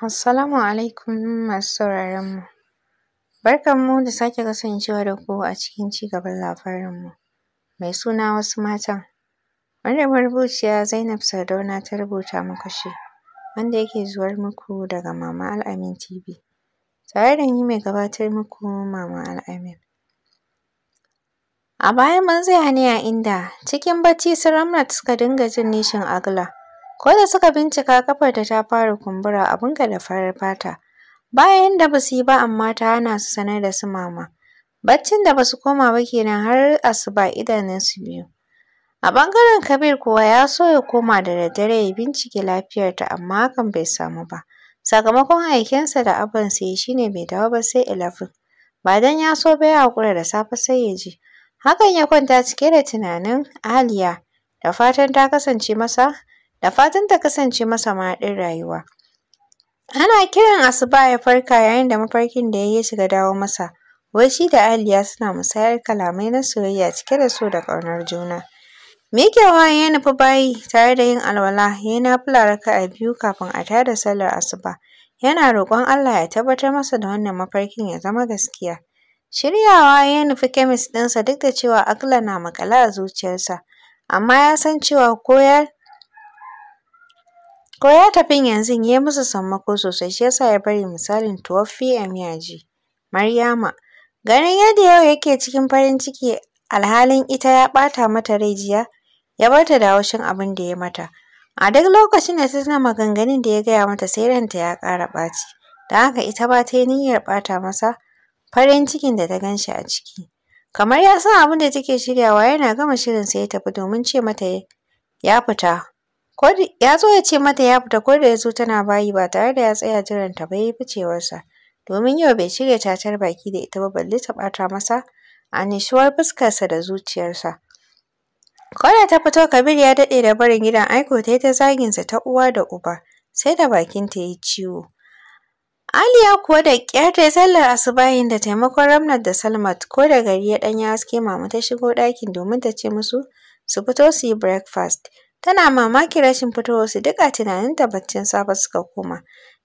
Assalamu alaikum masu sauraron mu. Barkan mu da sake kasancewa da ku a cikin ci gaban labarin mu. Mai suna wasu matan. Wanda marubuciya Zainab Sadauna ta rubuta muku shi. Wanda yake zuwar muku daga Mama Al'amin TV. Tare da ni mai gabatar muku Mama Al'amin. A baya mun zaya ne a inda cikin bacci su Ramnat suka dinga jin nishin Agla. Ko da suka bincika ƙafarta ta fara kumbura abin ga da farar fata. Bayan da basu yi ba amma ta hana su sanar da su mama. Baccin da basu koma ba kenan har asuba idanunsu biyu. A ɓangaren Kabir kuwa ya so ya koma da daddare ya bincike lafiyarta amma hakan bai samu ba. Sakamakon sa da abban sai shine bai dawo ba sai 11. Ba dan ya so ba ya haƙura da safe sai ya je. Hakan ya kwanta cike da tunanin Aliya da fatan ta kasance masa da fatan ta kasance masa maɗin rayuwa. Ana kiran asuba ya farka yayin da mafarkin da ya yi shiga dawo masa. Wai shi da Aliya suna musayar kalamai na soyayya cike da so da ƙaunar juna. wa ya nufi bayi tare da yin alwala ya yi nafila a biyu kafin a tada sallar asuba. Yana roƙon Allah ya tabbatar masa da wannan mafarkin ya zama gaskiya. Shiryawa ya nufi kemis ɗinsa duk da cewa Akila na makala a zuciyarsa, amma ya san cewa koyar. ko ya tafin yanzu ya musu sammako sosai shi yasa ya bari misalin 12 a miyaji Maryama ganin yadda yau yake cikin farin ciki alhalin ita ya ɓata mata rai jiya ya bar ta da haushin abin da ya mata. A duk lokacin da ta tuna maganganun da ya gaya mata sai ranta ya ƙara ɓaci. da haka ita ba ta yi niyyar ɓata masa farin cikin da ta gan shi a ciki. Kamar ya san abin da take shiryawa yana gama shirin sai ya tafi domin ce mata ya fita ya zo ya ce mata ya fita ko da ya zo tana bayi ba tare da ya tsaya jiran ta bai ficewarsa domin yau bai shirya tatar baki da ita ba balle ta bata masa annishuwar fuskarsa da zuciyarsa Koda ta fito Kabir ya daɗe da barin gidan Aiko ta yi ta zaginsa ta uwa da uba, sai da bakin ta yi ciwo. Aliya kuwa da ƙyar ta yi sallar asubahin da taimakon Ramnat da Salmat ko da gari ya ɗan yi haske mama ta shigo ɗakin domin ta ce musu su fito su yi breakfast. Tana mamaki rashin su duk a ta baccin safe suka koma.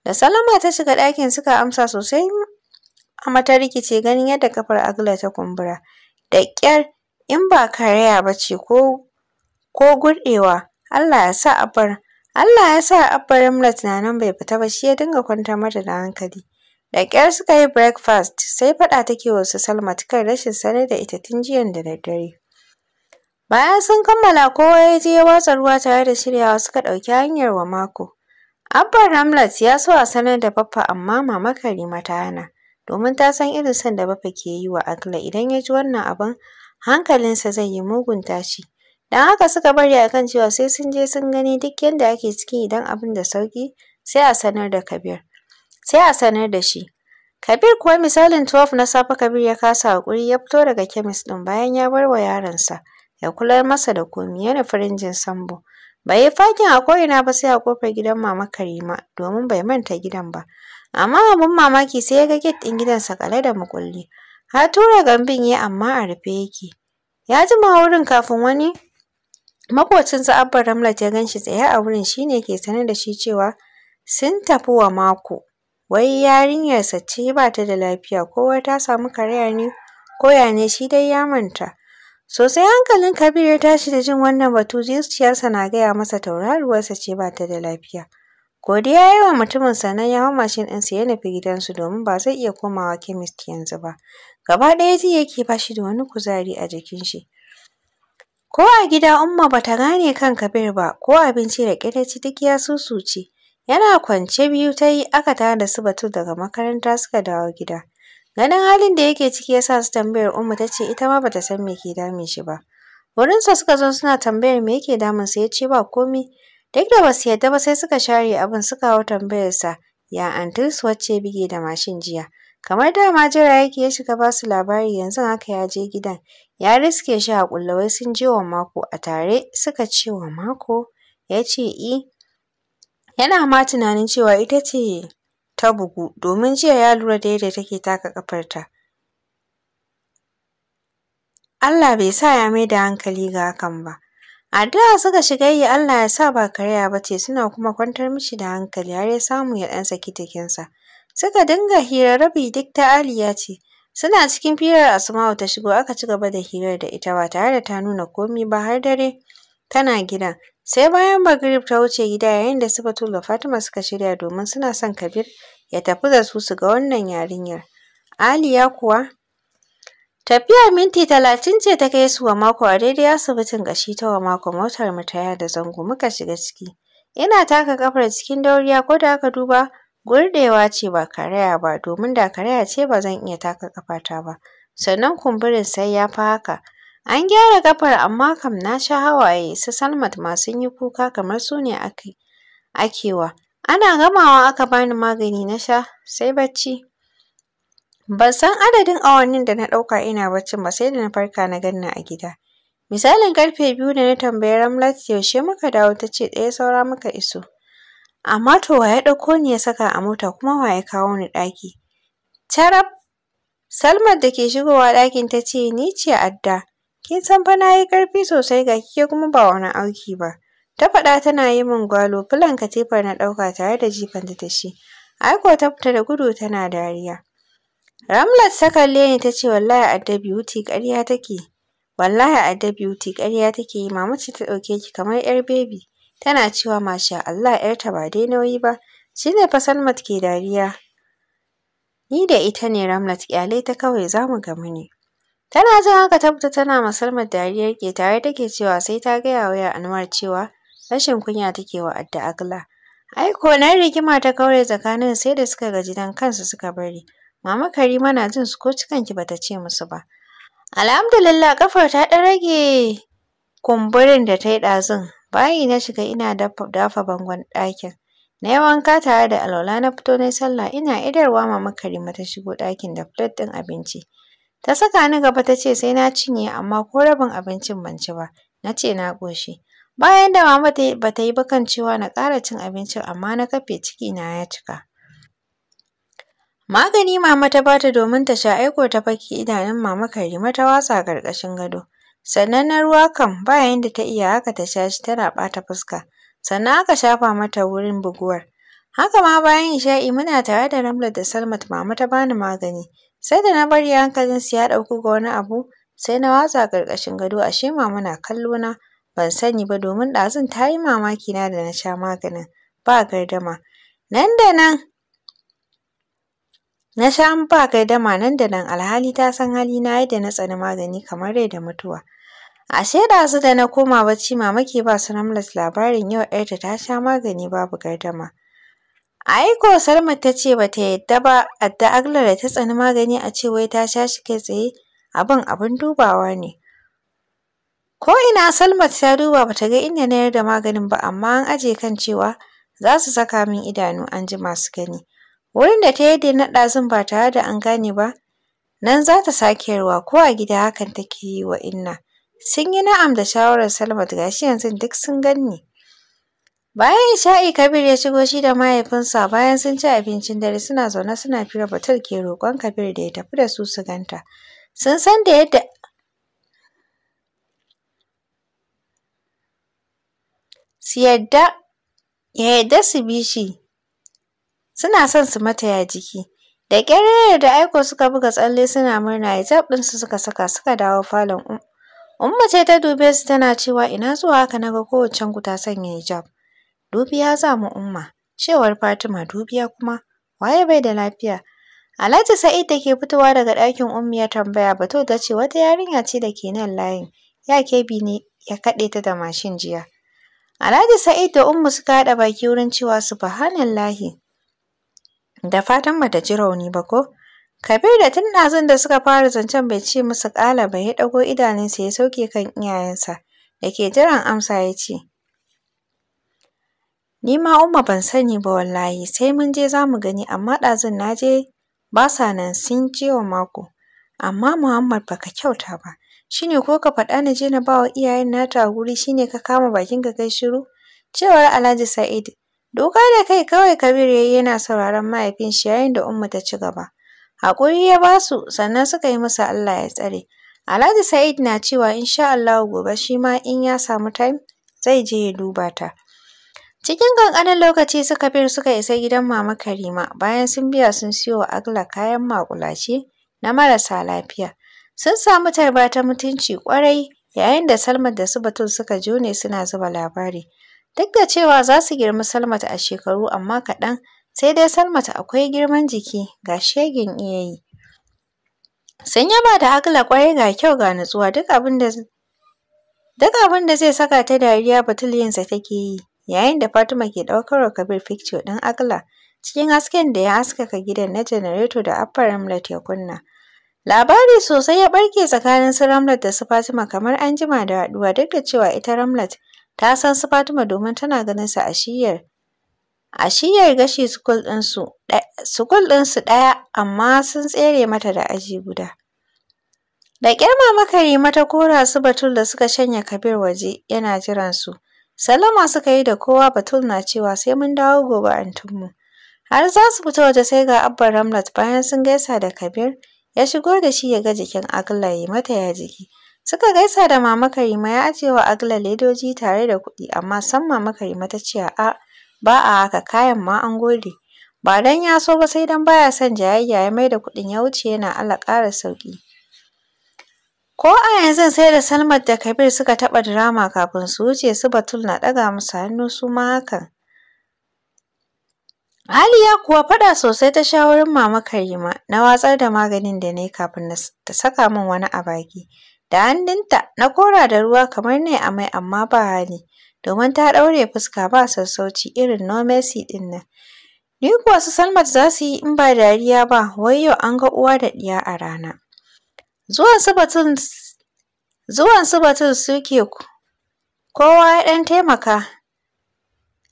Da Salama ta shiga ɗakin suka amsa sosai a mata rikice ganin yadda kafar Agla ta kumbura. Da ƙyar in ba karaya ba ce ko ko gurɗewa Allah ya sa bar Allah ya sa a bar tunanin bai fita ba shi ya dinga kwantar mata da hankali. Da ƙyar suka yi breakfast sai faɗa take wasu su Salma kan rashin sanar da ita tun jiyan da daddare. Bayan sun kammala kowa ya je ya watsa ruwa tare da shiryawa suka ɗauki hanyar wa mako. Abban Ramlat ya so a sanar da Baffa amma Mama Karima ta hana domin ta san irin son da Baffa ke yi wa Akila idan ya ji wannan abin hankalinsa zai yi mugun tashi. Don haka suka bari a kan cewa sai sun je sun gani duk yadda ake ciki idan abin da sauƙi sai a sanar da Kabir. Sai a sanar da shi. Kabir kuwa misalin 12 na safe Kabir ya kasa haƙuri ya fito daga kemis ɗin bayan ya bar wa yaronsa ya kular masa da komi yana farin jin sambo bai yi fakin a ko'ina ba sai a kofar gidan mama karima domin bai manta gidan ba amma abin mamaki sai ya ga gate ɗin gidan kala da mukulli har tura gambin ya amma a rufe yake ya jima wurin kafin wani makocinsa abba ramlat ya gan shi tsaye a wurin shine ke sanar da shi cewa sun tafi wa mako wai yarinyarsa ce ba ta da lafiya ko wai ta samu karaya ne ko ya ne shi dai ya manta Sosai hankalin Kabir ya tashi da jin wannan batu zuciyarsa na gaya masa tauraruwarsa ce ba ta da lafiya. Godiya ya yi wa mutumin sannan ya hau mashin ɗinsa ya nufi gidansu domin ba zai iya komawa chemist yanzu ba. Gaba ɗaya ji yake ba shi da wani kuzari a jikin shi. Ko a gida Umma ba ta gane kan Kabir ba ko abinci da ƙyar duk ya susuce. Yana kwance biyu ta yi aka da su batu daga makaranta suka dawo gida. Ganin halin da yake ciki ya sa su tambayar Ummu ta ce ita ma bata san me ke damun shi ba. Wurinsa suka zo suna tambayar me yake damunsa ya ce ba komi. Duk da basu yarda ba sai suka share abin suka hau tambayarsa ya antis wacce bige da mashin jiya. Kamar dama jira yake ya shiga basu labari yanzu haka ya je gidan. Ya riske shi a ƙulle wai sun je wa mako a tare suka ce wa mako ya ce i. Eh. Yana ma tunanin cewa ita ce ta bugu domin jiya ya lura da yadda take taka ƙafarta. Allah bai sa ya mai da hankali ga hakan ba. Addu'a suka shiga yi Allah ya sa ba karaya ba ce suna kuma kwantar mishi da hankali har ya samu ya ɗan saki jikinsa. Suka dinga hira rabi duk ta Aliya ce. Suna cikin firar Asma'u ta shigo aka ci gaba da hirar da ita ba tare da ta nuna komi ba har dare. tana gida. Sai bayan Magrib ta wuce gida yayin da sifatu da Fatima suka shirya domin suna son Kabir ya tafi da su su ga wannan yarinyar. Aliya kuwa tafiya minti talatin ce ta kai su wa mako a daidai asibitin gashi ta wa mako motar mu ta yada zango muka shiga ciki. Ina taka kafar cikin dauriya ko da aka duba gurdewa ce ba karaya ba domin da karaya ce ba zan iya taka kafata ba. Sannan kumburin sai ya fi haka An gyara kafar amma kam na sha hawaye su Salmat ma sun yi kuka kamar su ne akewa. Ana gamawa aka bani magani na sha sai bacci. Ban san adadin awannin da na ɗauka ina baccin ba sai da na farka na ganna a gida. Misalin ƙarfe biyu da na tambayi Ramlat yaushe muka dawo ta ce ɗaya saura muka iso. Amma to wa ya ɗauko ni ya saka a mota kuma wa ya kawo ni ɗaki? Carab! Salmat da ke shigowa ɗakin ta ce ni ce Adda. kin san fa na yi ƙarfi sosai ga kike kuma ba wani auki ba. Ta faɗa tana yi min gwalo, fulan katifar na ɗauka tare da jifanta da shi. Ai ta fita da gudu tana dariya. Ramlat ta kalle ni ta ce wallahi Adda wuti ƙarya take. Wallahi Adda wuti ƙarya take yi, mama ce ta ɗauke ki kamar 'yar bebi. Tana cewa masha Allah 'yarta ba dai nauyi ba. Shi ne fa Salmat ke dariya. Ni da ita ne Ramlat, ƙyale ta kawai za mu gamu ne. Tana jin haka ta fita tana masalmar dariyar ke tare take cewa sai ta gaya wa Anwar cewa rashin kunya take wa Adda Agla. Ai ko nan rigima ta kaure tsakanin sai da suka gaji dan kansu suka bari. Mama Karima na jin su ko cikanki bata ce musu ba. Alhamdulillah kafar ta ɗan rage kumburin da ta yi ɗazun. Bayi na shiga ina dafa bangon ɗakin. Na yi wanka tare da alwala na fito na sallah ina idarwa mama Karima ta shigo ɗakin da plate ɗin abinci. Ta saka ni gaba ta ce sai na cinye amma ko rabin abincin ban ci ba. Na ce na ƙoshi. Bayan da mama ba ta yi ba kan cewa na ƙara cin abincin amma na kafe ciki na ya cika. Magani mama ta bata domin ta sha aiko ta faki idanun mama Karima ta watsa ƙarƙashin gado. Sannan na ruwa kam bayan da ta iya haka ta sha shi tana ɓata fuska. Sannan aka shafa mata wurin buguwar. Haka ma bayan isha'i muna tare da Ramlat da Salmat mama ta bani magani. Sai da na bari hankalin su ya ɗauki ga wani abu, sai na watsa ƙarƙashin gado ashe mama na kallo na, ban sani ba domin ɗazun ta yi mamaki na da na sha maganin, ba gardama. Nan da nan na sha ba gardama nan da nan alhali ta san hali na yadda na tsani magani kamar rai da mutuwa. Ashe ɗazu da na koma bacci mama ba su ramlas labarin yau ‘yarta ta sha magani babu gardama. Ai ko Salma ta ce ba ta yadda ba adda Agla da ta tsani magani a ce wai ta sha shi kai tsaye abin abin dubawa ne. Ko ina Salma ta duba ba ta ga inda na yarda maganin ba amma an aje kan cewa za su saka min idanu an ji masu gani. Wurin da ta yadda na ɗazun ba tare da an gane ba nan za ta sake yarwa ko a gida hakan take yi wa inna. Sun yi na'am da shawarar Salma gashi yanzu duk sun gan Bayan Isha'i Kabir ya shigo shi da mahaifinsa bayan sun ci abincin dare suna zaune suna fira Batul ke roƙon Kabir da ya tafi da su su ganta. Sun san da yadda su yadda ya yadda su bi shi suna son su mataya jiki. Da ƙyar da aiko suka buga tsalle suna murna ya hijab ɗinsu suka saka suka dawo falon um, Umma ce ta dube su tana cewa ina zuwa haka na ga kowace guta ta sanya hijab. dubiya za mu umma, cewar Fatima dubiya kuma waye bai da lafiya. Alhaji Sa'id da ke fitowa daga ɗakin ummi ya tambaya bato ta ce wata yarinya ce da ke nan layin, ya bi ne ya kaɗe ta da mashin jiya. Alhaji Sa'id da ummu suka haɗa baki wurin cewa subhanallahi. Da fatan bata ji rauni ba ko? Kabir da tun zan da suka fara zancen bai ce musu ƙala ba ya ɗago idanunsa ya sauke kan iyayensa da jiran amsa ya ce, Ni ma Umma ban sani ba wallahi sai mun je za mu gani amma ɗazun na je ba sa nan sun je wa mako. Amma Muhammad ba ka kyauta ba. Shi ne ko ka faɗa na je na ba wa iyayen nata guri shi ne ka kama ka kai shiru? Cewar Alhaji Sa'id. Doka da kai kawai Kabir yayi yana sauraron mahaifin shi yayin da Umma ta ci gaba. Haƙuri ya basu, sannan suka yi masa Allah ya tsare. Alhaji Sa'id na cewa insha Allahu gobe shi ma in ya samu time zai je ya duba ta. Cikin ƙanƙanin lokaci suka Kabir suka isa gidan Mama Karima bayan sun biya sun siyo wa Agla kayan maƙulashe na marasa lafiya. Sun samu tarba ta mutunci ƙwarai yayin da Salmat da su Batul suka ne suna zuba labari. Duk da cewa za su girmi Salmat a shekaru amma kaɗan, sai dai Salmat akwai girman jiki ga shegin iya Sun yaba da Agla ƙwarai ga kyau ga nutsuwa duk abin da zai saka ta dariya Batul yinsa take yi. Yayin da Fatima ke ɗaukar wa Kabir fikco ɗin Agla cikin hasken da ya haskaka gidan na janareto da Abba Ramlat ya kunna. Labari sosai ya ɓarke tsakanin su Ramlat da su Fatima kamar an jima da haɗuwa duk da cewa ita Ramlat ta san su Fatima domin tana ganin su a shiyar a shiyar gashi sukul ɗin su ɗaya amma sun tsere mata da aji guda. Da ƙyar mama mata ta kora su Batul da suka shanya Kabir waje yana jiran su. Salama suka yi da kowa Batul na cewa sai mun dawo gobe mu Har za su fita waje sai ga Abba Ramlat bayan sun gaisa da Kabir ya shigo da shi ya ga jikin Agla ya mata ya jiki. Suka gaisa da Mama Karima ya ajiye wa Agla ledoji tare da kuɗi amma san Mama Karima ta ce a ba a haka kayan ma an gode. Ba dan ya so ba sai dan baya son jayayya ya mai da kuɗin ya wuce yana Allah ƙara sauki Ko a yanzu sai da Salmat da Kabir suka taba drama kafin su wuce su Batul na ɗaga musu hannu su ma hakan. Aliya kuwa faɗa sosai ta shawarin Mama Karima na watsar da maganin da na yi kafin ta saka min wani abaki. baki. Da hannunta na kora da ruwa kamar ne a mai amma ba hali domin ta ɗaure fuska ba sassauci irin no mercy ɗin nan. Ni kuwa su Salmat za su yi in ba dariya ba wai yau an ga uwa da ɗiya a rana. Zuwan su batun zuwan su batun suke kowa ya ɗan taimaka.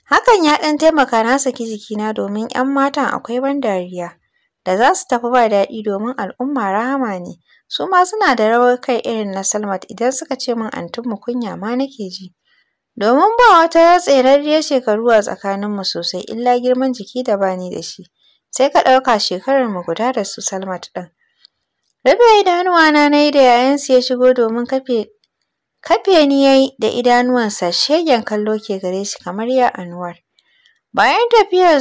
Hakan ya ɗan taimaka na saki jikina domin 'yan matan akwai ban dariya da za su tafi ba daɗi domin al'umma rahama ne. Su ma suna da rawar kai irin na Salmat idan suka ce min antinmu kunya ma nake ji. Domin ba wata tserarriyar shekaru a tsakaninmu sosai illa girman jiki da bani da shi. Sai ka ɗauka shekararmu guda da su Salmat ɗin. Rufe idanuwana na yi da yayansu ya shigo domin kafe kafe ni ya yi da idanuwansa shegen kallo ke gare shi kamar ya anuwar Bayan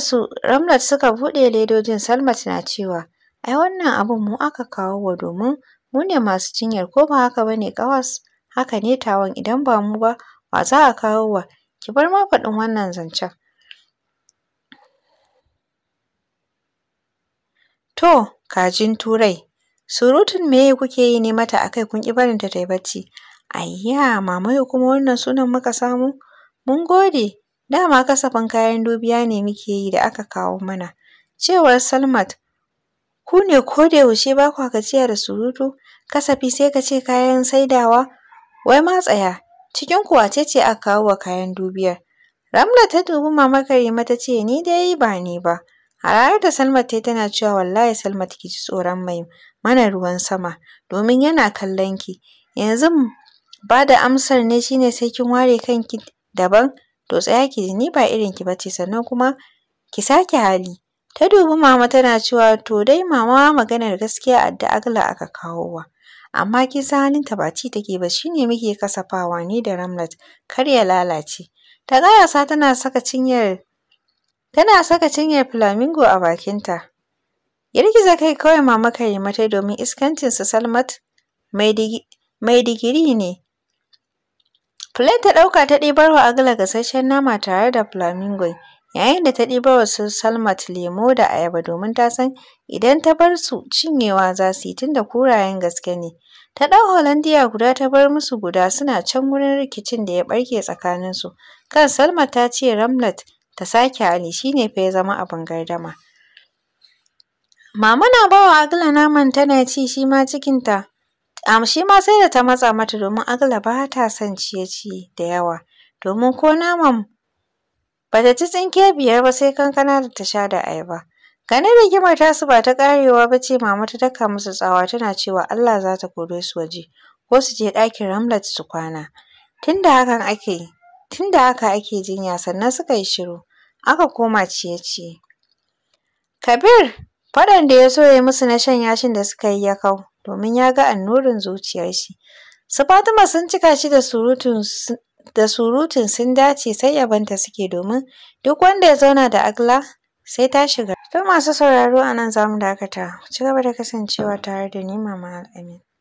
su Ramlat suka buɗe ledojin Salmat na cewa ai wannan abun mu aka kawo wa domin mu ne masu jinyar ko ba haka ba ne haka ne tawan idan ba mu ba wa za a kawo wa ki bar ma faɗin wannan zancen. To kajin Turai surutun me kuke yi ne mata a kai kun ki barinta ta yi bacci ayya mama yau kuma wannan sunan muka samu mun gode dama kasafin kayan dubiya ne muke yi da aka kawo mana cewar salmat ku ne ko da yaushe ba kwa gajiya da surutu kasafi sai ka ce kayan saidawa wai ma tsaya cikin ku wace ce aka kawo wa kayan dubiyar ramla ta dubi Mama karima ta ce ni dai ba ni ba a ranar da salmat tai tana cewa wallahi salmat ki ji tsoron mai mana ruwan sama domin yana kallon ki yanzu ba da amsar ne shine sai kin ware kanki daban to tsaya ki ni ba irin ki bace sannan kuma ki sake hali ta dubi mama tana cewa to dai mama maganar gaskiya adda agla aka kawo wa amma ki sanin halinta ba take ba shine muke kasafawa ni da Ramlat kar ya lalace ta ƙarasa tana saka cinyar tana saka cinyar flamingo a bakinta Girgiza kai kawai mama Karima ta yi domin su Salmat mai digiri ne. Plate ta ɗauka ta ɗibar wa Agla gasasshen nama tare da flamingo yayin da ta ɗibar wa su Salmat lemo da ayaba domin ta san idan ta bar su cinyewa za su yi tunda kurayen gaske ne. Ta ɗau Hollandiya guda ta bar musu guda suna can wurin rikicin da ya ɓarke tsakaninsu. Kan Salmat ta ce Ramlat ta sake hali shi ne fa ya zama abin gardama. Mama na ba wa Agla naman tana ci shi ma cikinta. Shi ma sai da ta matsa mata domin Agla ba ta son ciye-ciye da yawa. Domin ko naman ba ta ci tsinke biyar ba sai kankana da ta sha da ayaba. Gane rigimar su ba ta karewa ba ce mama ta daka musu tsawa tana cewa Allah za ta kore su waje ko su je ɗakin Ramlat su kwana. da hakan ake da haka ake jinya sannan suka yi shiru aka koma ciye-ciye. Kabir Faɗan da ya so ya yi musu na shan yashin da suka yi ya kau, domin ya ga annurin zuciyar shi. Su Fatima sun cika shi da surutun sun dace sai yabanta suke domin duk wanda ya zauna da Agla sai ta shiga. To masu sauraro a nan za mu dakata. Ku ci gaba da kasancewa tare da ni Mama Al'amin.